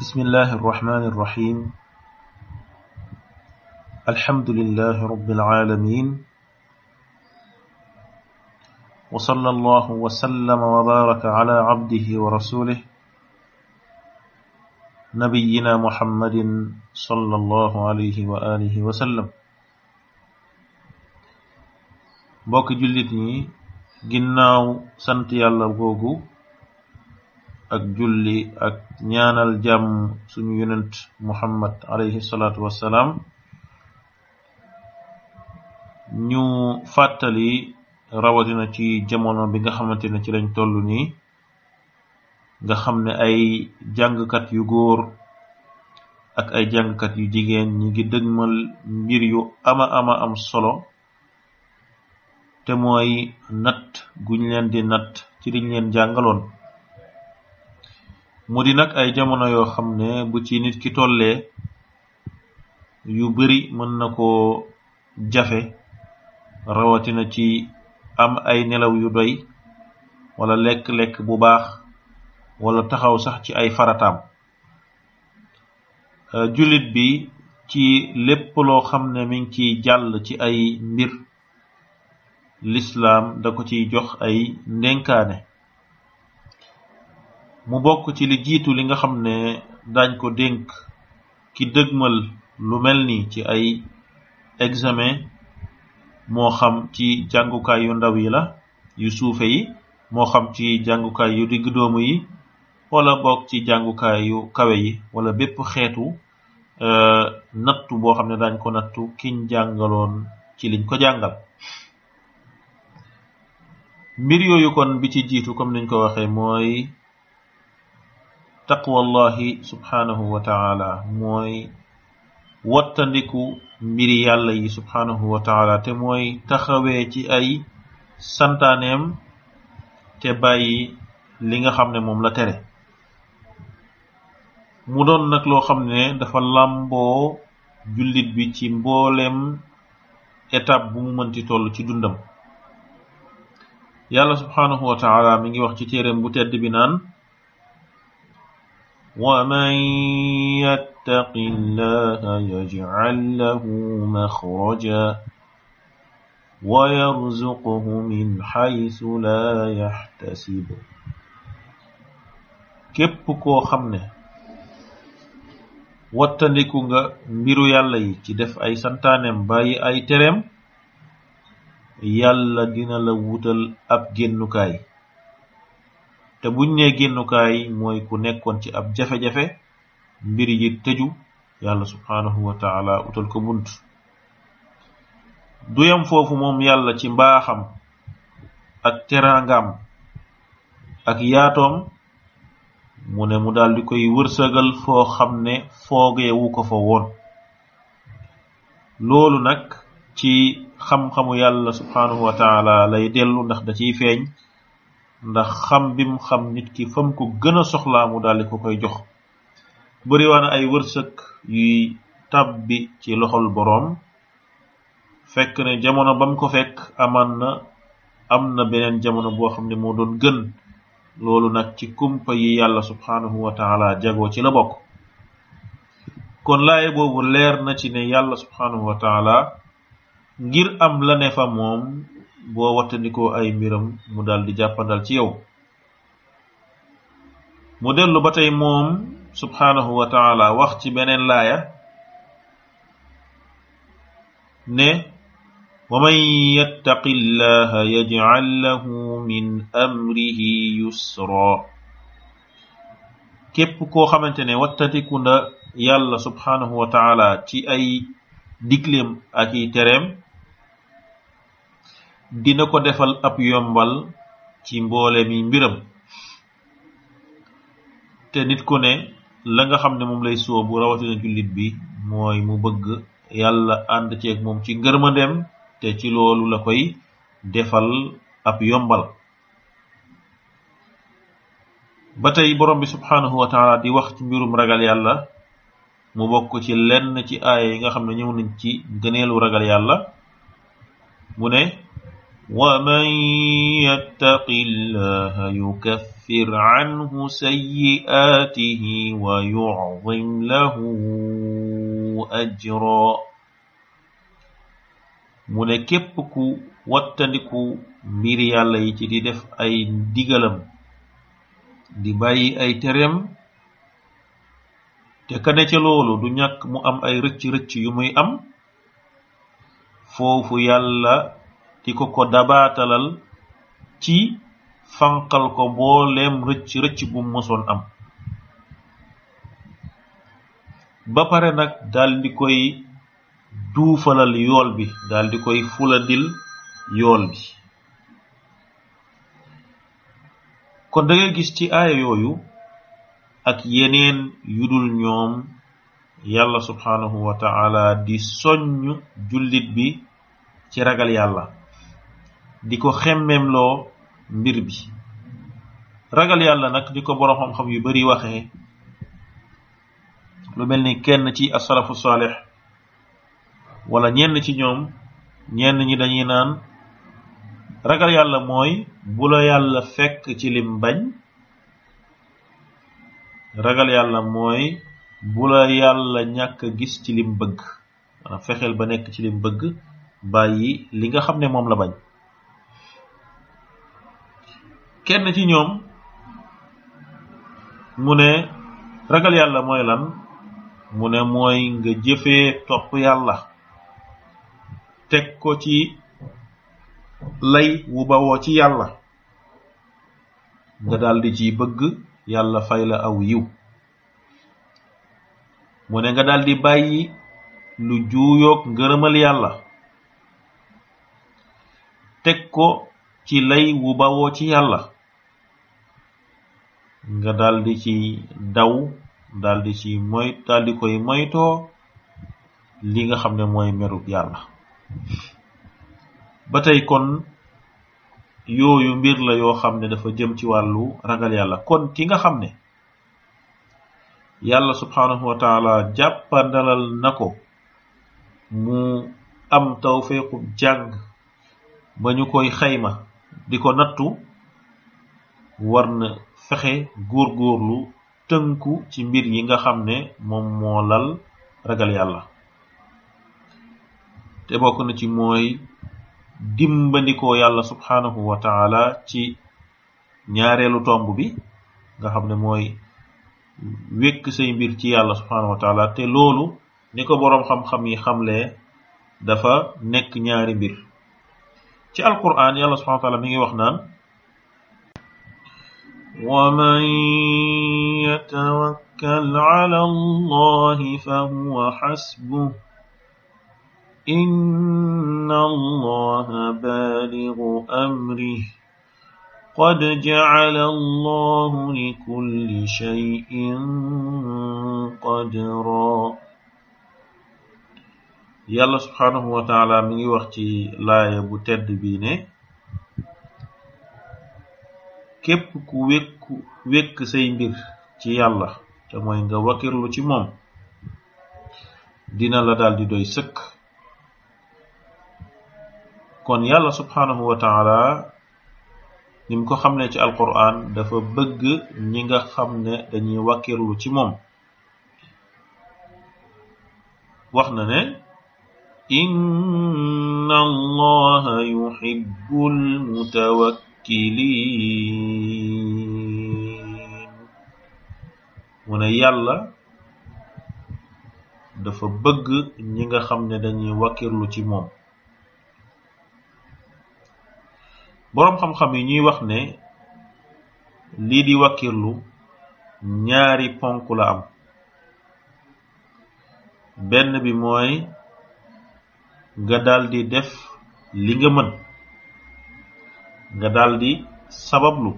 بسم الله الرحمن الرحيم الحمد لله رب العالمين وصلى الله وسلم وبارك على عبده ورسوله نبينا محمد صلى الله عليه وآله وسلم بوك جلتني جناو سنت يالا بوغو ak julli ak ñaanal jàmm suñu yonent muhammad alayhi salaatu wassalaam ñu fàttali rawatina ci jamono bi nga xamante ne ci lañ toll nii nga xam ne ay jàngkat yu góor ak ay jàngkat yu jigéen ñi ngi dëgmal mbir yu ama ama am solo te mooy natt guñ leen di natt ci liñ leen jàngaloon mu di nag ay jamono yoo xam ne bu ci nit ki tollee yu bari mën na koo jafe rawatina ci am ay nelaw yu doy wala lekk-lekk bu baax walla taxaw sax ci ay farataam euh, jullit bi ci lépp loo xam ne mi ngi ciy jàll ci ay mbir lislaam da ko ciy jox ay ndénkaane mu bokk ci li jiitu li nga xam ne dañ ko dénk ki dëgmal lu mel ni ci ay examen moo xam ci jàngukaay yu ndaw yi la yu suufe yi moo xam ci jàngukaay yu digg doomu yi wala bokk ci jàngukaay yu kawe yi wala bépp xeetu euh, nattu boo xam ne dañ ko nattu kiñ jàngaloon ci liñ ko jàngal mbir yooyu kon bi ci jiitu comme niñ ko waxee mooy taqwallahi subhaanahu wa taala mooy wattandiku mbiri yàlla yi subhaanahu wa taala te mooy taxawee ci ay santaaneem te bàyyi li nga xam ne moom la tere mu doon nag loo xam ne dafa làmboo jullit bi ci mbooleem étape bu mu mënti toll ci dundam yàlla subhaanahu wa taala mi ngi wax ci téereem bu tedd bi naan ومن يتق الله يجعل له مخرجا ويرزقه من حيث لا يحتسب képp koo xam ne wattandiku nga mbiru yàlla yi ci def ay santaaneem bàyyi ay tereem yàlla dina la wutal ab génnukaay te buñ nee génnukaay mooy ku nekkoon ci ab jafe-jafe mbir yi tëju yàlla subhaanahu wa utal ko bunt du yam foofu moom yàlla ci mbaaxam ak teraangam ak yaatoom mu ne mu daldi koy wërsëgal foo xam ne foogewu ko fa woon loolu nag ci xam-xamu yàlla subhaanahu wa lay dellu ndax da ciy feeñ ndax xam bi mu xam nit ki fam ko gën a soxlaa mu daldi ko koy jox bëriwaana ay wërsëg yuy tàbbi ci loxol boroom fekk ne jamono bam ko fekk amaan na am na beneen jamono boo xam ne moo doon gën loolu nag ci kumpa yi yàlla subhaanahu wa taala jagoo ci la bokk kon laaye boobu leer na ci ne yàlla subhaanahu wa taala ngir am la ne fa moom boo wattandikoo ay mbiram mu daldi di jàppandal ci yow mu dellu ba tey moom subhaanahu wa wax ci beneen laaya ne wa man yattaqi llaha yajcal lahu min amrihi yusra képp koo xamante ne wattandiku na yàlla subhaanahu wa taala ci ay digleem ak tereem dina ko defal ab yombal ci mboole mi mbiram te nit ko ne la nga xam ne moom lay sóobu rawatina jullit bi mooy mu bëgg yàlla ànd ceeg moom ci ngërma dem te ci loolu la koy defal ab yombal ba tey borom bi subhaanahu wa di wax ci mbirum ragal yàlla mu bokk ci lenn ci aaya yi nga xam ne ñëw nañ ci gëneelu ragal yàlla mu ne ومن يتق الله يكفر عنه سيئاته ويعظم له أجرا mu ne képp ku wattandiku mbir yàlla yi ci di def ay ndigalam di bàyyi ay tereem te kane ca loolu du ñàkk mu am ay rëcc-rëcc yu muy am foofu yàlla di ko ko dabaatalal ci fanqal ko mbooleem rëcc rëcc bu mosoon am ba pare nag daldi koy duufalal yool bi daal di koy fulandil yool bi kon da gis ci aaya yooyu ak yeneen yu dul ñoom yàlla subhaanahu wa taala di soññ jullit bi ci ragal yàlla di ko xemmemloo mbir bi ragal yàlla nag di ko borom xam yu bari waxee lu mel ni kenn ci asalafu saalix wala ñenn ci ñoom ñenn ñi dañuy naan ragal yàlla mooy bu la yàlla fekk ci lim bañ ragal yàlla mooy bu la yàlla ñàkk gis ci lim bëgg fexeel ba nekk ci lim bëgg bàyyi li nga xam ne moom la bañ kenn ci ñoom mu ne ragal yàlla mooy lan mu ne mooy nga jëfee topp yàlla teg ko ci lay wu bawoo ci yàlla nga daldi ci bëgg yàlla fay la aw yiw mu ne nga daldi bàyyi lu juuyoog ngërëmal yàlla teg ko ci lay wu bawoo ci yàlla nga daldi ci daw daldi ci moy daldi koy moytoo li nga xam ne mooy merub yàlla ba tey kon yooyu mbir la yoo xam ne dafa jëm ci wàllu ragal yàlla kon ki nga xam ne yàlla subhaanahu wa taala jàppandalal na ko mu am tawfeequ jàng ba ñu koy xayma di ko nattu war na fexe góor góorlu tënku ci mbir yi nga xam ne moom moo lal ragal yàlla te bokk na ci mooy dimbandikoo yàlla subhaanahu wa taala ci ñaareelu tomb bi nga xam ne mooy wékk say mbir ci yàlla subhaanahu te loolu ni ko boroom xam-xam yi xamle dafa nekk ñaari mbir ci alquran yàlla subhanahu wa taala mi ngi wax naan wa man yatawakkal ala allahi fa huwa xasbuh inna allaha baaligu amrih qad jacala allahu likulli shayin qadra yàlla subhaanahu wa mi ngi wax ci laaya bu tedd bii ne képp ku wékku wékk say mbir ci yàlla te mooy nga wakirlu ci moom dina la daldi doy sëkk kon yàlla subhaanahu wa taala mu ko xam ne ci alquran dafa bëgg ñi nga xam ne dañuy wakirlu ci moom wax na ne إن الله يحب المتوكلين mu ne yàlla dafa bëgg ñi nga xam ne dañuy wakkirlu ci moom boroom xam-xam yi ñuy wax ne lii di wakkirlu ñaari ponk la am benn bi mooy nga daldi def li nga mën nga daldi sabablu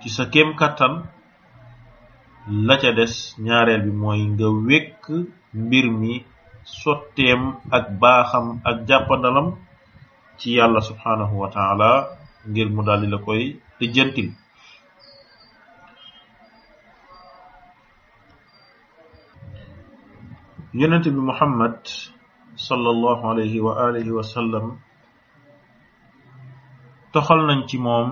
ci sa kéem kàttan la ca des ñaareel bi mooy nga wekk mbir mi sotteem ak baaxam ak jàppandalam ci yàlla subhaanahu wa taala ngir mu daldi la koy lijjantil sallallahu alayhi wa alihi wa sallam toxal nañ ci moom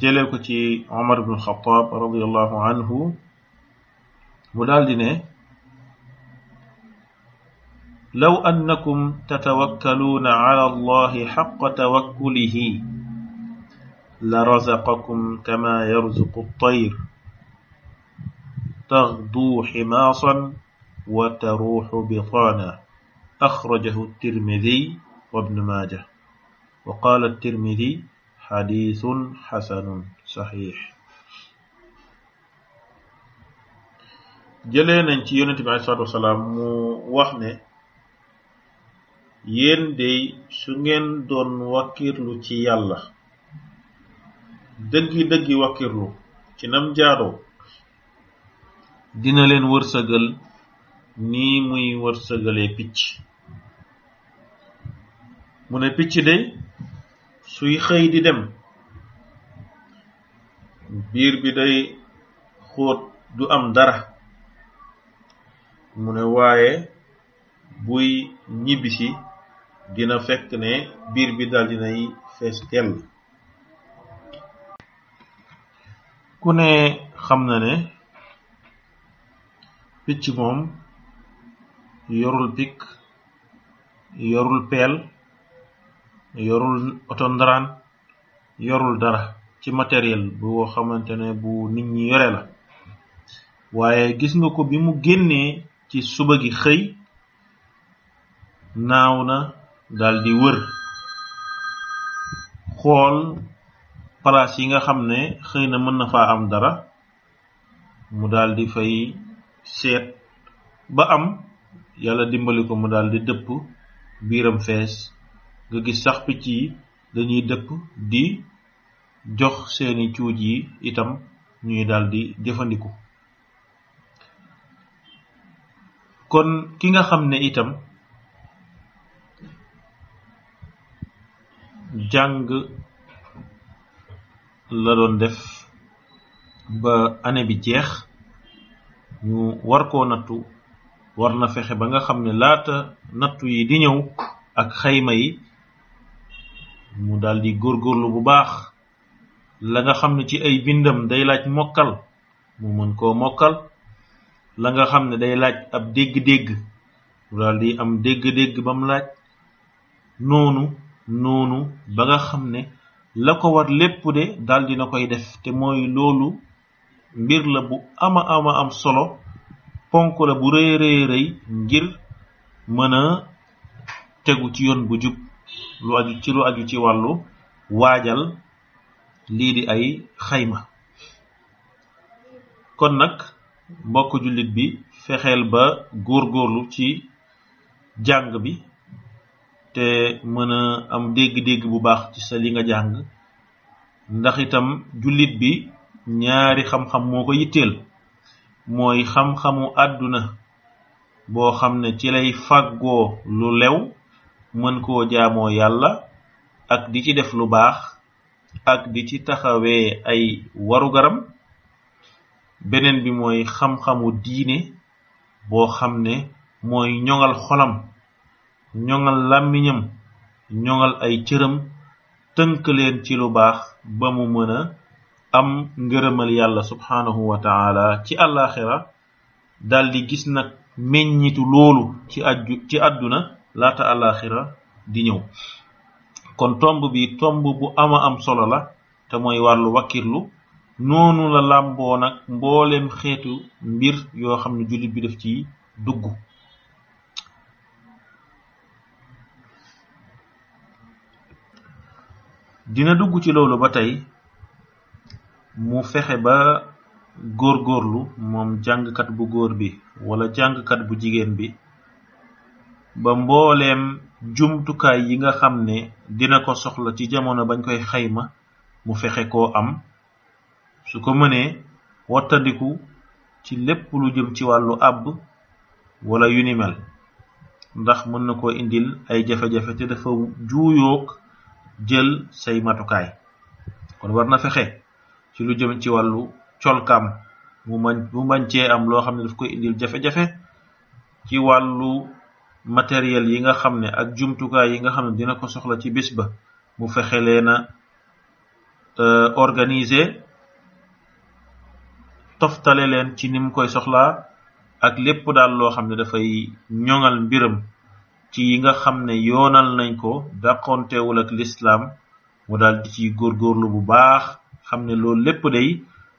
jëlee ko ci Omar ibn Xataab radiyallahu anhu mu daldi ne law annakum tatawakkaluuna ala allahi xaqa tawakkulihi la razaqakum kama yarzuqu at-tayr taghdu ximaasan وتروح بطانة أخرجه الترمذي وابن ماجه وقال الترمذي حديث حسن صحيح jëlee nañ ci yonente bi alei salatu wasalaam mu wax ne yéen su ngeen doon wakkirlu ci yàlla dëggi-dëggi wakkirlu ci nam jaadoo dina leen wërsëgal nii muy wërsëgalee picc mu ne picc day suy xëy di dem biir bi day xóot du am dara mu ne waaye buy ñibbisi dina fekk ne biir bi dal dinay fees dell ku ne xam na ne picc moom yorul pik yorul peel yorul oto ndaraan yorul dara ci matériel boo xamante ne bu nit ñi yore la waaye gis nga ko bi mu génnee ci suba gi xëy naaw na daldi wër xool palaas yi nga xam ne xëy na mën na faa am dara mu daldi fay seet ba am yàlla dimbali ko mu daal dëpp biiram fees nga gis sax picc yi dañuy dëpp di jox seeni cuuj yi itam ñuy daldi di jëfandiku kon ki nga xam ne itam jàng la doon def ba année bi jeex ñu war koo nattu war na fexe ba nga xam ne laata nattu yi di ñëw ak xayma yi mu daldi di góorgóorlu bu baax la nga xam ne ci ay bindam day laaj mokkal mu mën koo mokkal la nga xam ne day laaj ab dégg-dégg mu daal am dégg-dégg ba laaj noonu noonu ba nga xam ne la ko war lépp de daal dina koy def te mooy loolu mbir la bu ama ama am solo ponk la bu rëy rëy rëy hmm. ngir mën a tegu ci yoon bu jub lu aju ci lu aju ci wàllu waajal lii di ay xayma kon nag mbokk jullit bi fexeel ba góor góorlu ci jàng bi te mën a am dégg-dégg bu baax ci sa li nga jàng ndaxitam jullit bi ñaari xam-xam moo ko yitteel mooy xam-xamu àdduna boo xam ne ci lay fàggoo lu lew mën koo jaamoo yàlla ak di ci def lu baax ak di ci taxawee ay warugaram beneen bi mooy xam-xamu diine boo xam ne mooy ñoŋal xolam ñoŋal làmmiñam ñoŋal ay cëram tënk leen ci lu baax ba mu mën am ngërëmal yàlla subhaanahu wa taala ci àllaaxira daldi gis nag meññitu loolu ci ajju ci àdduna laata àllaaxira di ñëw kon tomb bi tomb bu ama am solo la te mooy wàllu wakkirlu noonu la làmboo nag mbooleem xeetu mbir yoo xam ne jullit bi def ci dugg dina dugg ci loolu ba tey mu fexe ba góor góorlu moom jàngkat bu góor bi wala jàngkat bu jigéen bi ba mbooleem jumtukaay yi nga xam ne dina ko soxla ci jamono bañ koy xayma mu fexe koo am su ko mënee wattandiku ci lépp lu jëm ci wàllu àbb wala yu ni mel ndax mën na koo indil ay jafe-jafe te dafa juuyoog jël say matukaay kon war na fexe ci lu jëm ci wàllu colkaam mu man mu man cee am loo xam ne daf koy indil jafe-jafe ci wàllu matériel yi nga xam ne ak jumtukaay yi nga xam ne dina ko soxla ci bis ba mu fexe leen a euh, organiser toftale leen ci ni mu koy soxla ak lépp daal loo xam ne dafay ñoŋal mbiram ci yi nga xam ne yoonal nañ ko dàqontewul ak lislaam mu daal di ci góorgóorlu bu baax xam ne loolu lépp day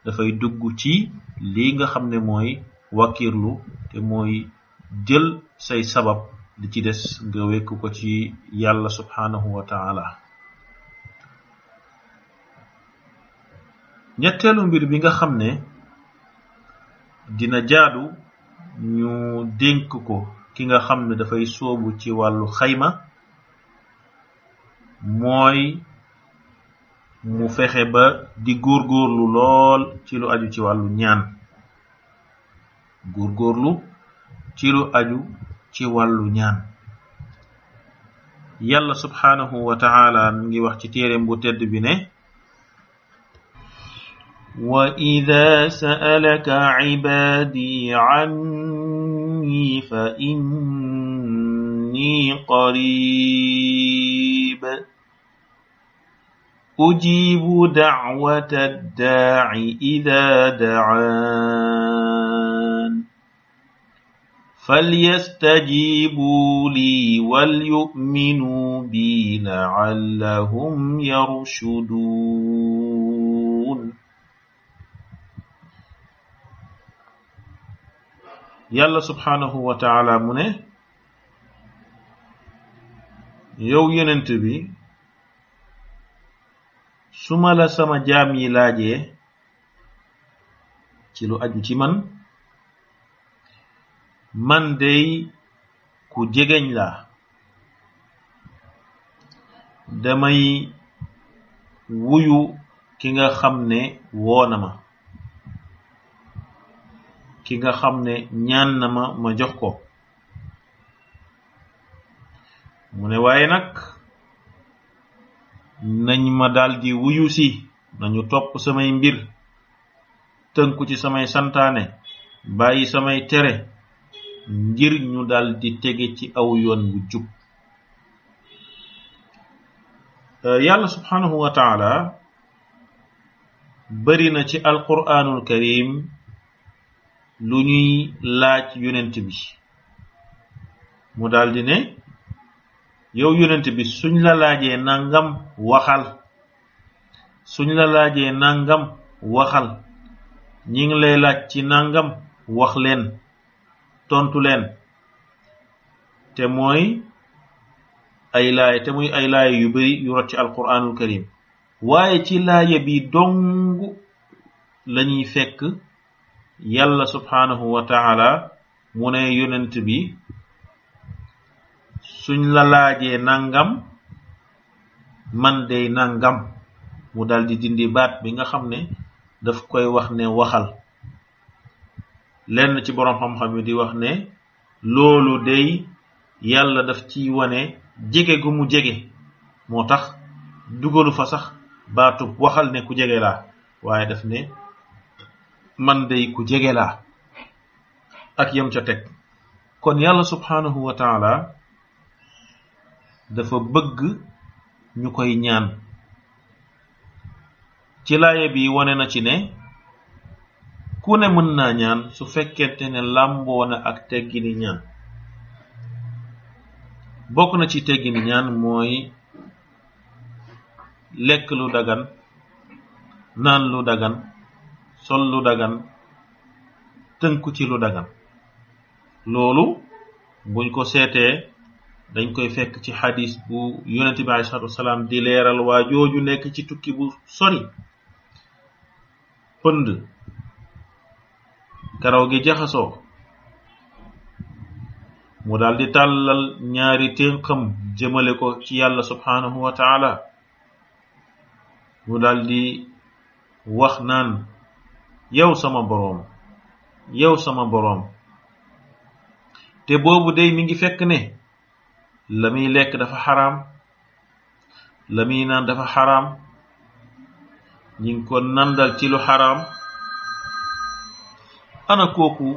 dafay dugg ci lii nga xam ne mooy lu te mooy jël say sabab li ci des nga wekk ko ci yàlla subhaanahu wa taala ñetteelu mbir bi nga xam ne dina jaadu ñu dénk ko ki nga xam ne dafay sóobu ci wàllu xayma mooy mu fexe ba di góorgóorlu lool ci lu aju ci wàllu ñaan góorgóorlu ci lu aju ci wàllu ñaan yàlla subhaanahu wa taala mi ngi wax ci téereem bu tedd bi ne wa ida sa'alaka ibaadi anni fa inni qarib أجيب دعوة الداع إذا دعان فليستجيبوا لي وليؤمنوا بي لعلهم يرشدون يلا سبحانه وتعالى منه يو ينتبه su ma la sama jaam yi laajee ci lu aju ci man man dey ku jegeñ laa damay wuyu ki nga xam ne woona ma ki nga xam ne ñaan na ma ma jox ko mu ne waaye nag nañ ma daldi wuyusi si nañu topp samay mbir tënku ci samay santaane bàyyi samay tere ngir ñu daldi tege ci aw yoon bu jub euh, yàlla subhanahu wa bari na ci alquraanul karim lu ñuy laaj yonent bi mu daldi ne yow yonent bi suñ la laajee nangam waxal suñ la laajee nangam waxal ñi ngi lay laaj ci nangam wax leen tontu leen te mooy ay laay te muy ay laay yu bari yu rot ci alquranul karim waaye ci laaya bi dong lañuy fekk yàlla subhaanahu wa taala mu ne yonent bi suñ la laajee nangam man dey nangam mu daldi dindi baat bi nga xam ne daf koy wax ne waxal lenn ci boroom xam-xam yi di wax ne loolu dey yàlla daf ciy wane jege gu mu jege moo tax dugalu fa sax baatu waxal ne ku jege laa waaye def ne man dey ku jege laa ak yam ca teg kon yàlla subhaanahu wa dafa bëgg ñu koy ñaan ci laaye bi wone na ci ne ku ne mën naa ñaan su fekkente ne làmboo ak teggini ñaan bokk na ci teggini ñaan mooy lekk lu dagan naan lu dagan sol lu dagan tënku ci lu dagan loolu buñ ko seetee dañ koy fekk ci xadis bu yonent bi alei di leeral waa jooju nekk ci tukki bu sori pënd karaw gi jaxasoo mu daal di tàllal ñaari ténqam jëmale ko ci yàlla subhaanahu wa taala mu daal di wax naan yow sama boroom yow sama boroom te boobu day mi ngi fekk ne la muy lekk dafa xaram la muy naan dafa xaraam ñi ngi ko nandal ci lu xaraam ana kooku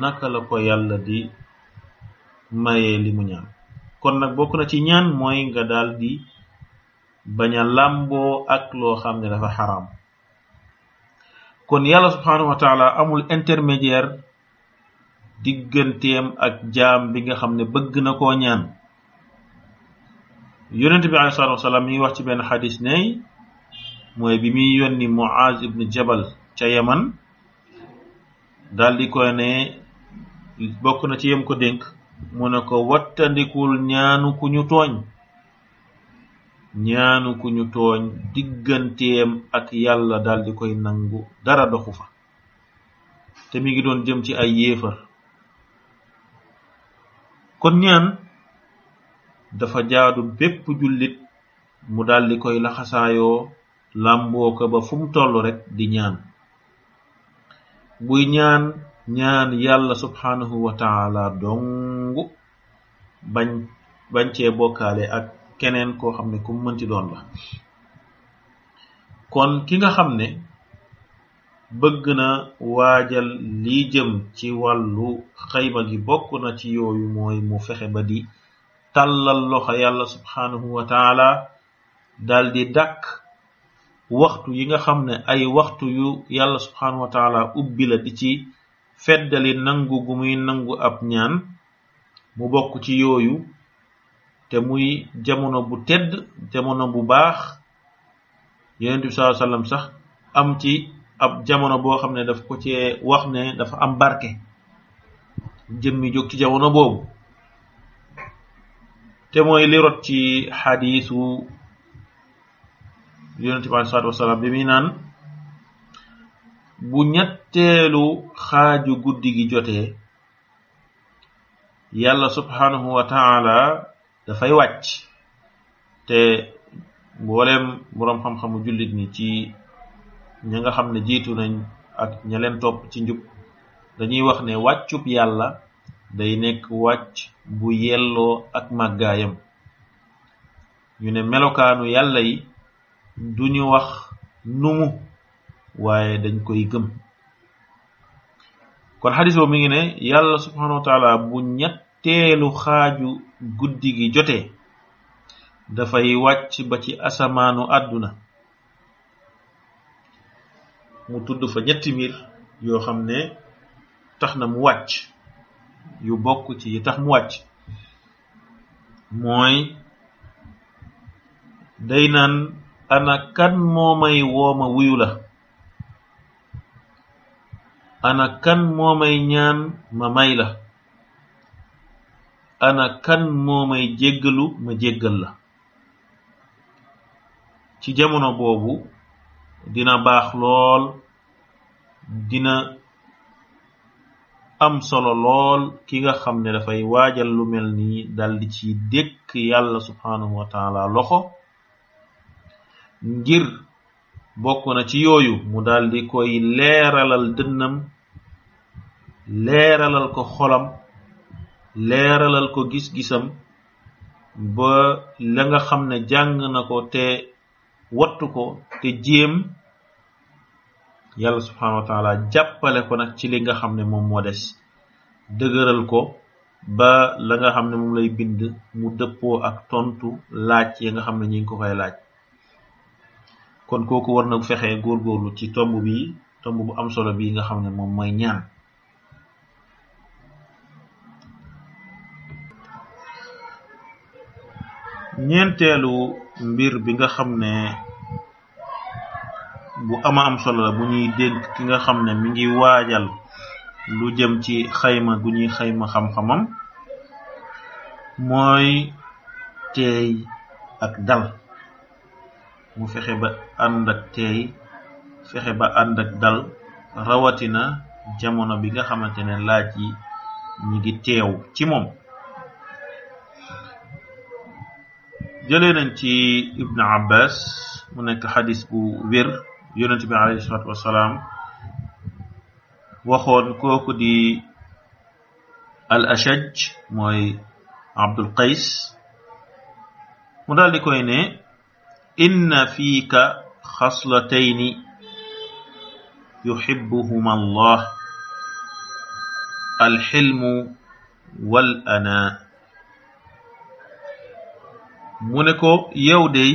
naka la ko yàlla di mayee li mu ñaan kon nag bokk na ci ñaan mooy nga daal di bañ a làmboo ak loo xam ne dafa xaraam kon yàlla subhanahu amul intermédiaire digganteem ak jaam bi nga xam ne bëgg na koo ñaan yonent bi aleyhi salaatu wasalaam mi ngi wax ci benn xadis ne mooy bi muy yónni Muaz ibn Jabal ca Yaman daldi di koy ne bokk na ci yem ko dénk mu ne ko wattandikul ñaanu ku ñu tooñ ñaanu ku tooñ digganteem ak yàlla daldi koy nangu dara doxu fa te mi ngi doon jëm ci ay yéefar kon ñaan dafa jaadu bépp jullit mu daldi koy laxasaayoo làmboo ba fu mu toll rekk di ñaan buy ñaan ñaan yàlla subhaanahu wa taala dong bañ bañ cee bokkaale ak keneen koo xam ne ku mënti doon la kon ki nga xam ne bëgg na waajal li jëm ci wàllu xayma yi bokk na ci yooyu mooy mu fexe ba di tàllal loxo yàlla subhaanahu wa taala di dàkk waxtu yi nga xam ne ay waxtu yu yàlla subhaanahu wa ubbi la di ci feddali nangu gu muy nangu ab ñaan mu bokk ci yooyu te muy jamono bu tedd jamono bu baax yonent bi sallallahu alayhi sax am ci ab jamono boo xam ne daf ko cee wax ne dafa am barke jëmmi jóg ci jamono boobu te mooy li rot ci xadiisu yonente bi alei salaatu wasalaam bi muy naan bu ñetteelu xaaju guddi gi jotee yàlla subhaanahu wa taala dafay wàcc te mbooleem boroom xam-xamu jullit ñi ci ña nga xam ne jiitu nañ ak ña topp ci njub dañuy wax ne wàccub yàlla day nekk wàcc bu yelloo ak màggaayam ñu ne melokaanu yàlla yi duñu wax numu waaye dañ koy gëm kon xadis boobu mi ngi ne yàlla subhanahu bu ñetteelu xaaju guddi gi jotee dafay wàcc ba ci asamaanu àdduna mu tudd fa ñetti mbir yoo xam ne tax na mu wàcc yu bokk ci yi tax mu wàcc mooy day naan ana kan moo may woo wuyu la ana kan moo may ñaan ma may la ana kan moo may jéggalu ma jéggal la ci jamono boobu dina baax lool dina am solo lool ki nga xam ne dafay waajal lu mel nii daldi ci dékk yàlla subhaanahu wa loxo ngir bokk na ci yooyu mu daldi koy leeralal dënnam leeralal ko xolam leeralal ko gis-gisam ba la nga xam ne jàng na ko te wattu ko te jéem yàlla subhanahu jàppale ko nag ci li nga xam ne moom moo des dëgëral ko ba la nga xam ne moom lay bind mu dëppoo ak tontu laaj ya nga xam ne ñi ngi ko koy laaj kon kooku war na fexe góor góorgóorlu ci tomb bi tomb bu am solo bi nga xam ne moom mooy ñaan ñeenteelu mbir bi nga xam ne bu ama am solo bu ñuy dénk ki nga xam ne mu ngi waajal lu jëm ci xayma gu ñuy xayma xam-xamam mooy teey ak dal mu fexe ba ànd ak fexe ba ànd dal rawatina jamono bi nga xamante ne laaj yi ñi ngi teew ci moom jële nañ ci Ibn Abbas mu nekk xadis bu wér yonent bi alayhi salaatu wassalaam waxoon kooku di al ashaj mooy abdul qays mu daal di koy ne inna fiika xaslatayni yuhibbuhuma allah alxilmu wal ana mu ne ko yow dey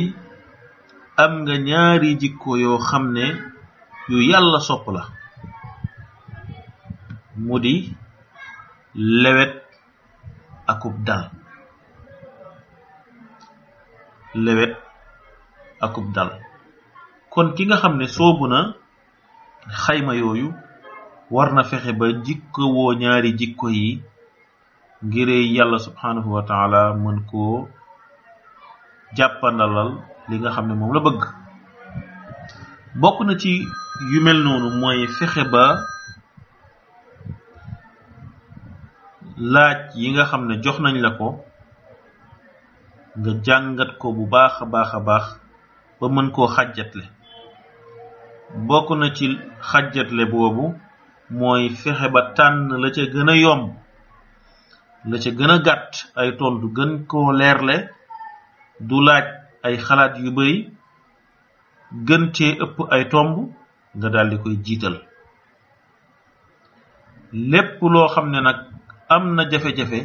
am nga ñaari jikko yoo xam ne yu yàlla sopp la mu di lewet akub dal lewet akub dal kon ki nga xam ne soobu na xayma yooyu war na fexe ba jikkoo woo ñaari jikko yi ngir yàlla subhanahu wa taala mën koo jàppandalal li nga xam ne moom la bëgg bokk na ci yu mel noonu mooy fexe ba laaj yi nga xam ne jox nañ la ko nga jàngat ko bu baax a baax a baax ba mën koo xàjjatle bokk na ci xàjjatle boobu mooy fexe ba tànn la ca gën a yomb la ca gën a gàtt ay tontu gën koo leerle du laaj ay xalaat yu bari gën cee ëpp ay tomb nga daldi koy jiital lépp loo xam ne nag am na jafe-jafe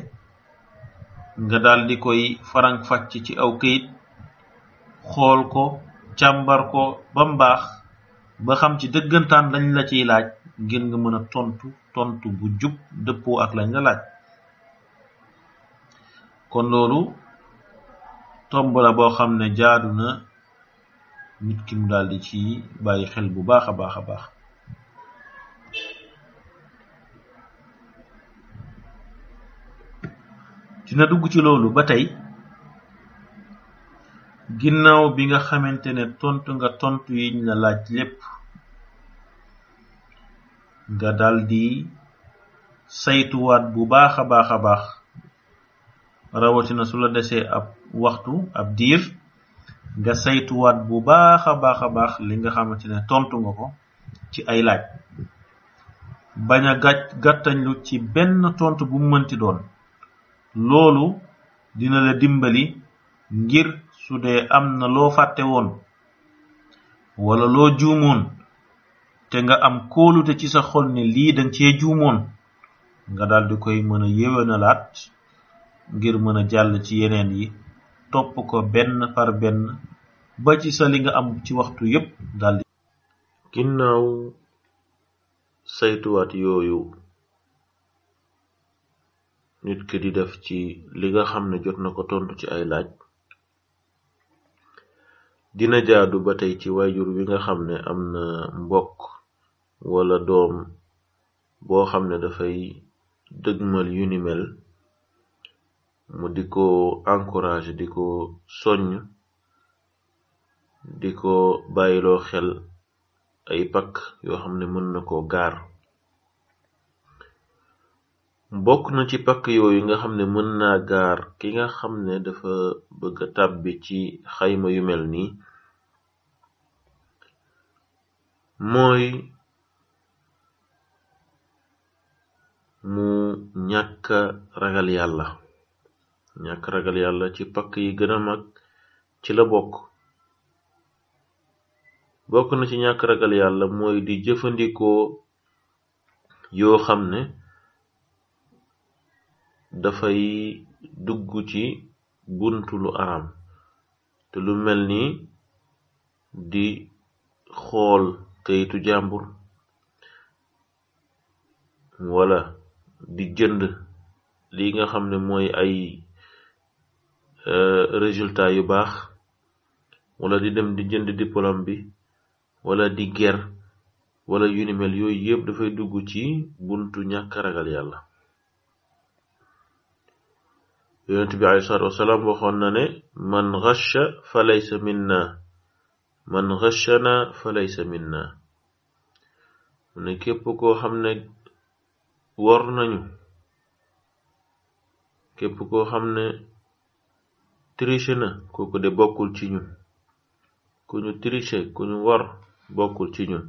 nga daldi koy faranfàcc ci aw këyit xool ko càmbar ko ba mbaax ba xam ci dëggantaan lañ la ciy laaj ngir nga mën a tontu tontu bu jub dëppoo ak lañ la laaj kon loolu tomb la boo xam ne jaadu na nit ki mu daldi ci bàyyi xel bu baax a baax a baax dina dugg ci loolu ba tey ginnaaw bi nga xamante ne tontu nga tontu yi la laaj lépp nga daldi saytuwaat bu baax a baax a baax rawatina su la desee ab waxtu ab diir nga saytuwaat bu baax a baax a baax li nga xamante ne tontu nga ko ci ay laaj bañ a gàcc gàttañlu ci benn tontu bu mënti doon loolu dina la dimbali ngir su dee am na loo fàtte woon wala loo juumoon te nga am kóolute ci sa xol ne lii danga cee juumoon nga daldi koy mën a yéwénalaat ngir mën a jàll ci yeneen yi topp ko benn par benn ba ci sa li nga am ci waxtu yépp daldi ginnaaw saytuwaat yooyu nit ki di def ci li nga xam ne jot na ko tontu ci ay laaj dina jaadu ba tey ci waajur wi nga xam ne am na mbokk wala doom boo xam ne dafay dëgmal yu ni mel mu di ko encouragé di ko soññ di ko bàyyiloo xel ay pakk yoo xam ne mën na ko gaar bokk na ci pakk yooyu nga xam ne mën naa gaar ki nga xam ne dafa bëgg a tàbbi ci xayma yu mel nii mooy mu ñàkka ragal yàlla ñàkk ragal yàlla ci pakk yi gën a mag ci la bokk bokk na ci ñàkk ragal yàlla mooy di jëfandikoo yoo xam ne dafay dugg ci buntu lu araam te lu mel ni di xool kayitu jàmbur wala di jënd li nga xam ne mooy ay Euh, résultat yu baax wala di dem di jënd diplôme bi walla di ger walla yu ni mel yooyu yëpp dafay dugg ci buntu ñàkk ragal yàlla yonent bi alei salatu wasalaam waxoon na ne man xasha fa laysa minna man xashana fa laysa minna mu képp koo xam ne wor nañu képp koo xam ne triche na kooku de bokkul ci ñun ku ñu ñu wor bokkul ci ñun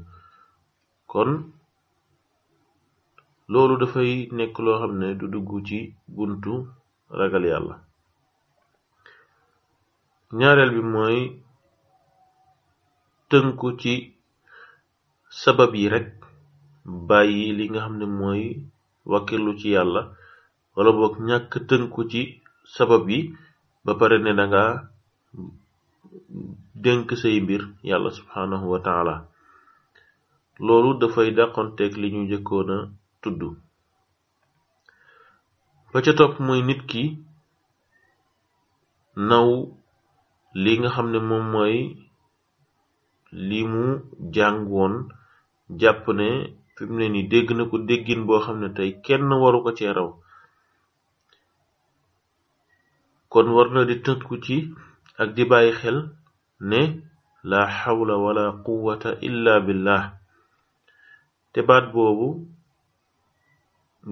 kon loolu dafay nekk loo xam ne du dugg ci buntu ragal yàlla ñaareel bi mooy tënku ci sabab yi rek bàyyi li nga xam ne mooy wàkkirlu ci yàlla wala boog ñàkk tënku ci sabab yi ba pare ne danga dénk say biir yàlla subhaanahu wa taala loolu dafay dàqonteeg li ñu njëkkoon a tudd ba ca topp mooy nit ki naw li nga xam ne moom mooy li mu jàng woon jàpp ne fi mu ne ni dégg na ko déggin boo xam ne tey kenn waru ko cee raw kon war na di tënku ci ak di bàyyi xel ne la xawla wala quwwata illa billah te baat boobu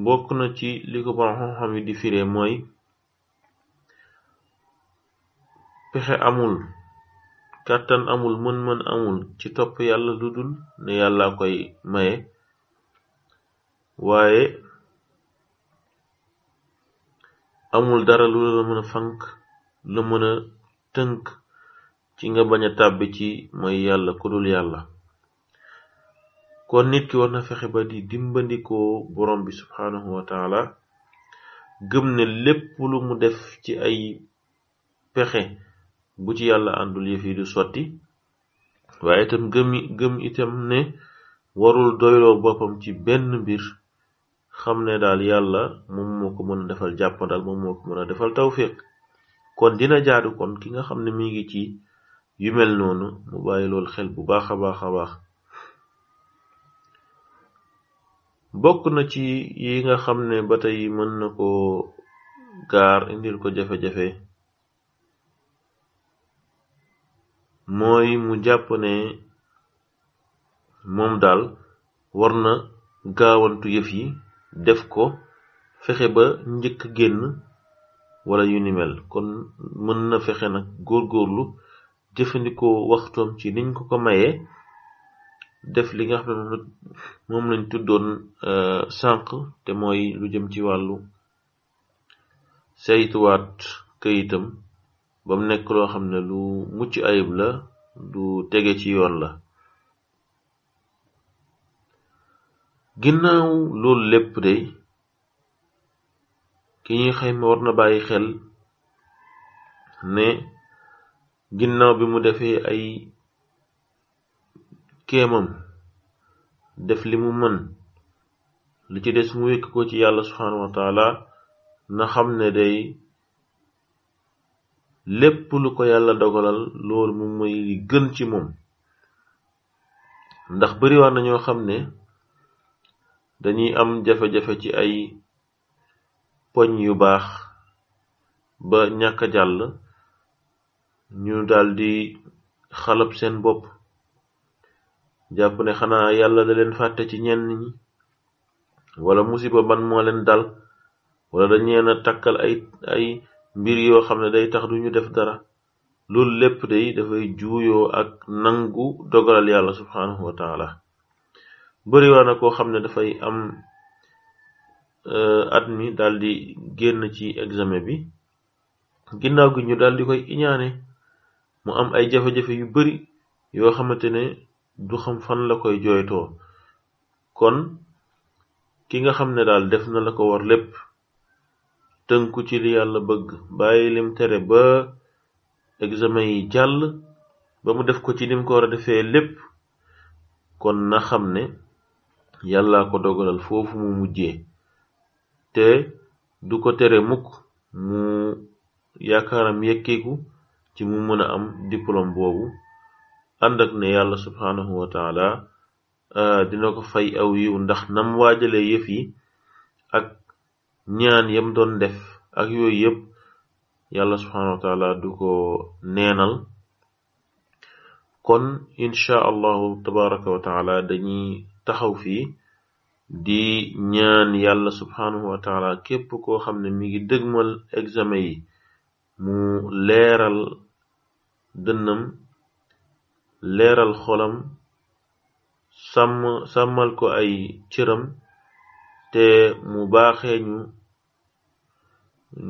bokk na ci li ko borom xam yi di firee mooy pexe amul kàttan amul mën-mën amul ci topp yàlla ludul dul ne yàlla koy maye waaye amul dara lu la mën a fanq lu mën a tënk ci nga bañ a tàbbi ci mooy yàlla ku dul yàlla kon nit ki war na fexe ba di dimbandikoo borom bi subhaanahu wa gëm ne lépp lu mu def ci ay pexe bu ci yàlla àndul yëf yi du sotti waaye itam gëm itam ne warul doyloo boppam ci benn mbir xam ne daal yàlla moom moo ko mën a defal jàppandal moom moo ko mën a defal tawfiq kon dina jaadu kon ki nga xam ne mi ngi ci yu mel noonu mu bàyyi loolu xel bu baax a baax a baax bokk na ci yi nga xam ne ba tey mën na ko gaar indil ko jafe-jafe mooy mu jàpp ne moom daal war na gaawantu yëf yi def ko fexe ba njëkk génn wala yu ni mel kon mën na fexe nag góor góorlu jëfandikoo waxtoom ci niñ ko ko mayee def li nga xam moom lañ tuddoon euh, sànq te mooy lu jëm ci wàllu saytuwaat këyitam ba mu nekk loo xam ne lu mucc ayib la du tege ci yoon la ginnaaw loolu lépp dey ki ñuy xayma war na bàyyi xel ne ginnaaw bi mu defee ay kéemam def li mu mën li ci des mu wékk ko ci yàlla subhaanahu wa taala na xam ne day lépp lu ko yàlla dogalal loolu mu muy gën ci moom ndax bari na ñoo xam ne dañuy am jafe-jafe ci ay poñ yu baax ba ñàkk jàll ñu daldi xalab seen bopp jàpp ne xanaa yàlla da leen fàtte ci ñenn ñi wala musiba ban moo leen dal wala dañ leen a takkal ay ay mbir yoo xam ne day tax duñu def dara loolu lépp day dafay juuyoo ak nangu dogalal yàlla subhaanahu wa bëriwaa na koo xam ne dafay am euh, at mi daal di génn ci examen bi ginnaaw gi ñu daal di koy iñaane mu am ay jafe-jafe yu bari yoo xamante ne du xam fan la koy jooytoo kon ki nga xam ne daal def na la ko war lépp tënku ci li yàlla bëgg bàyyi lim tere ba examen yi jàll ba mu def ko ci lim ko war a defee lépp kon na xam ne yàllaa ko dogalal foofu mu mujje te du ko tere mukk mu yaakaaram yekkiku ci mu mën a am diplôme boobu ànd ak ne yàlla subhaanahu wa dina ko fay aw yiw ndax nam waajale yëf yi ak ñaan yam doon def ak yooyu yëpp yàlla subhaanahu wa taala du ko neenal kon inchaa allahu tabaraka wa dañuy taxaw fii di ñaan yàlla subhanahu wa taala képp koo xam ne mi ngi dëgmal examen yi mu leeral dënnam leeral xolam sàmm ko ay cëram te mu baaxee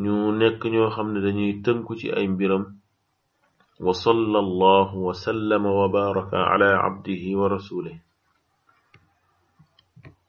ñu nekk ñoo xam ne dañuy tënku ci ay mbiram wa sallallahu wa sallama wa baraka ala abdihi wa rasulih